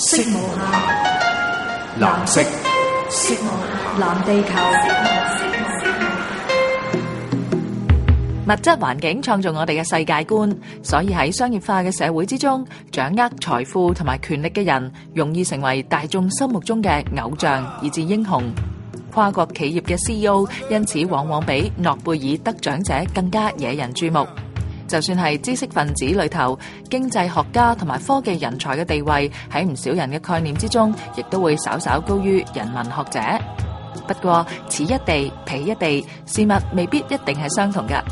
色無暇，藍色。色無暇，藍地球。物質環境創造我哋嘅世界觀，所以喺商業化嘅社會之中，掌握財富同埋權力嘅人，容易成為大眾心目中嘅偶像，以至英雄。跨國企業嘅 CEO，因此往往比諾貝爾得獎者更加惹人注目。就算係知識分子裏頭，經濟學家同埋科技人才嘅地位喺唔少人嘅概念之中，亦都會稍稍高於人文學者。不過，此一地，彼一地，事物未必一定係相同㗎。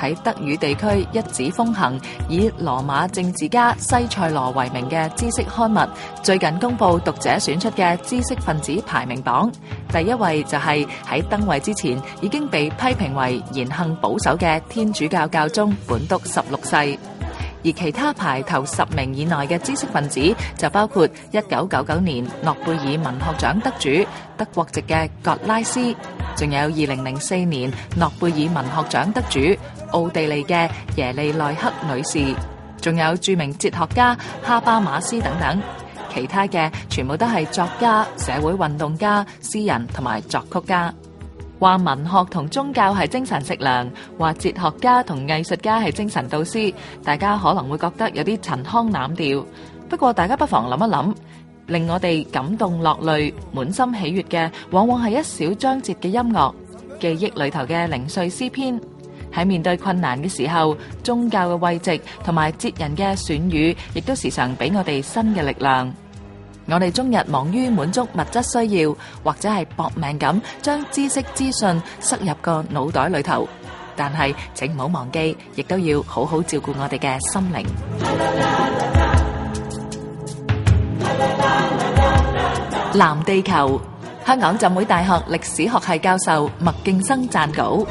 喺德語地區一紙風行，以羅馬政治家西塞羅為名嘅知識刊物，最近公布讀者選出嘅知識分子排名榜，第一位就係喺登位之前已經被批評為言行保守嘅天主教教宗本篤十六世，而其他排頭十名以內嘅知識分子就包括一九九九年諾貝爾文學獎得主德國籍嘅格拉斯。仲有二零零四年諾貝爾文學獎得主奧地利嘅耶利內克女士，仲有著名哲學家哈巴馬斯等等，其他嘅全部都係作家、社會運動家、詩人同埋作曲家。話文學同宗教係精神食糧，話哲學家同藝術家係精神導師，大家可能會覺得有啲陳腔濫調。不過大家不妨諗一諗。令我哋感動落淚、滿心喜悦嘅，往往係一小章節嘅音樂，記憶裏頭嘅零碎詩篇。喺面對困難嘅時候，宗教嘅慰藉同埋哲人嘅選語，亦都時常俾我哋新嘅力量。我哋終日忙於滿足物質需要，或者係搏命咁將知識資訊塞入個腦袋裏頭，但係請唔好忘記，亦都要好好照顧我哋嘅心靈。藍地球，香港浸會大學歷史學系教授麥勁生撰稿。